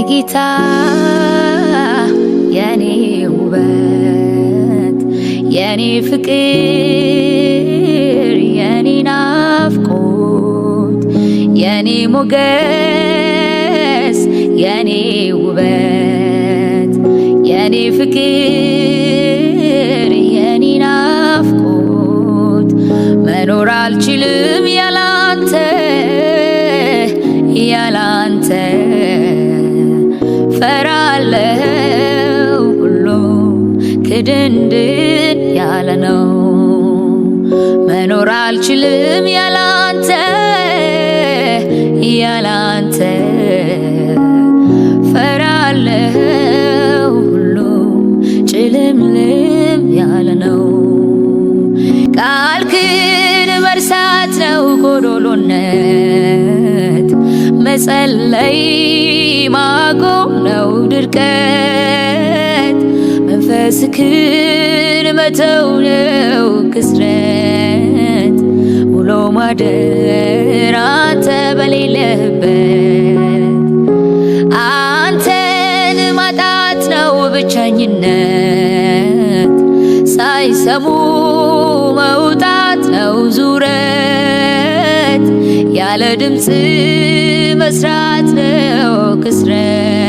የኔ ጌታ የኔ ውበት የኔ ፍቅር የኔ ናፍቆት የኔ ሞገስ የኔ ውበት የኔ ፍቅር ድንድን ያለ ነው። መኖር አልችልም ያላንተ ያላንተ ፈራለሁ ሁሉም ጭልምልም ያለ ነው። ቃልክን መርሳት ነው ጎዶሎነት፣ መጸለይ ማጎ ነው ድርቀት መስክር መተው ነው ክስረት ውሎ ማደር አንተ በሌለህበት አንተን ማጣት ነው ብቸኝነት ሳይሰሙ መውጣት ነው ዙረት ያለ ድምፅ መስራት ነው ክስረት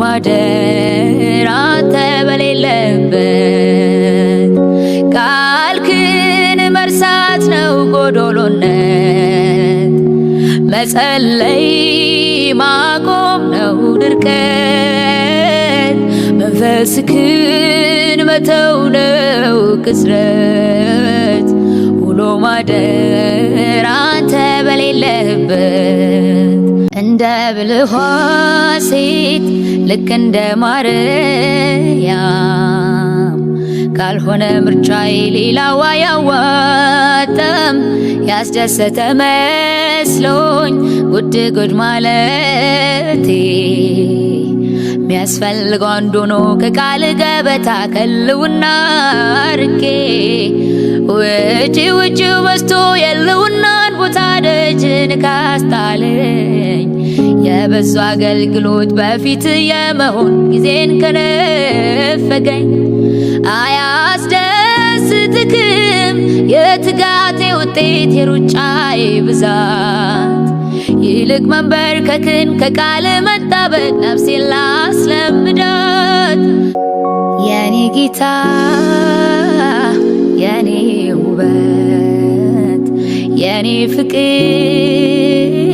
ማደር አንተ በሌለበት ቃልክን መርሳት ነው ጎዶሎነት፣ መጸለይ ማቆም ነው ድርቀት፣ መንፈስክን መተው ነው ቅስረት ውሎ ማደር እንደ ብልኋ ሴት ልክ እንደ ማርያም ካልሆነ ምርጫዬ ሌላዋ ያዋጠም ያስደሰተ መስሎኝ ጉድ ጉድ ማለቴ ሚያስፈልገው አንዱ ነው ከቃል ገበታ ከልውና ርቄ ውጪ ውጪ በስቶ የልውናን ቦታ ደጅን ካስጣለ የበዙ አገልግሎት በፊት የመሆን ጊዜን ከነፈገኝ አያስደስትክም የትጋቴ ውጤት የሩጫዬ ብዛት ይልቅ መንበርከክን ከቃል መጣበቅ ነፍሴን ላስለምዳት የኔ ጌታ የኔ ውበት የኔ ፍቅር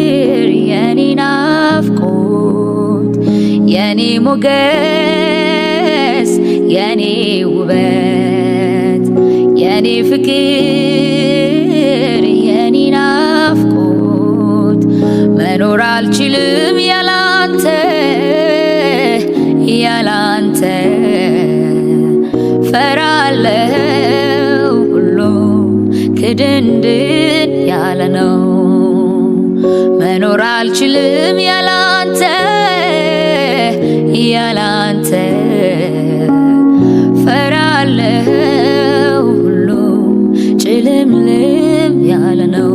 የኔ ሞገስ የኔ ውበት የኔ ፍቅር የኔ ናፍቆት መኖር አልችልም ያላንተ ያላንተ ፈራለው ሁሉ ክድንድን ያለ ነው መኖር አልችልም ያላንተ ያላንተ ፈራለሁ ሁሉም ጭልምልም ያለ ነው።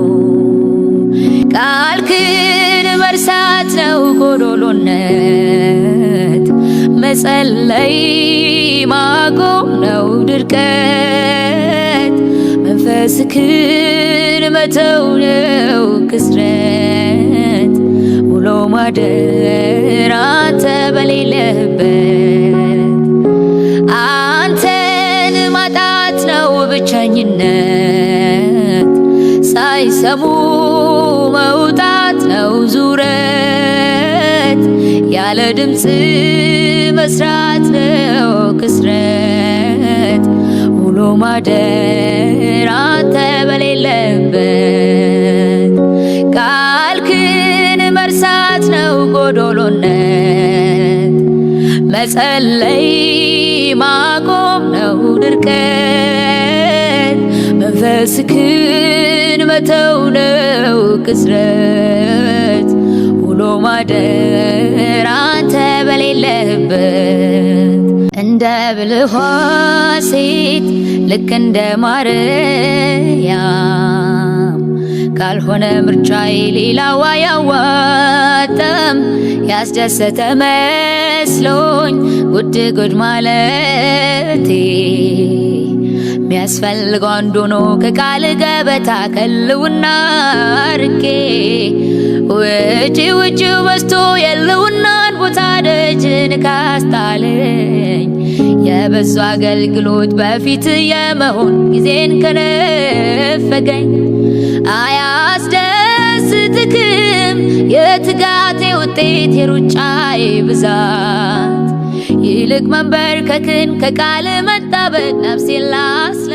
ቃልክን መርሳት ነው ጎዶሎነት፣ መጸለይ ማቆም ነው ድርቀት፣ መንፈስክን መተው ነው ክስረት ብሎ ማደር አንተ በሌለህበት አንተን ማጣት ነው ብቸኝነት፣ ሳይሰሙ መውጣት ነው ዙረት፣ ያለ ድምፅ መስራት ነው ክስረት፣ ውሎ ማደር አንተ በሌለ መጸለይ ማቆም ነው ድርቀት፣ መንፈስክን መተው ነው ቅስረት፣ ውሎ ማደር አንተ በሌለህበት እንደ ብልኋ ሴት ልክ እንደ ማርያም ካልሆነ ምርጫዬ ሌላዋ ያዋጣም ያስደሰተ መስሎኝ ጉድ ጉድ ማለቴ ሚያስፈልገው አንዱ ነው ከቃል ገበታ ከልውና ርቄ ውጪ ውጪው በስቶ የልውና ቦታ ደጅን ካስጣለኝ የበሱ አገልግሎት በፊት የመሆን ጊዜን ከነፈገኝ አያስደስትክም የትጋቴ ውጤት የሩጫዬ ብዛት ይልቅ መንበርከክን ከቃል መጣበቅ ነፍሴን ላስለ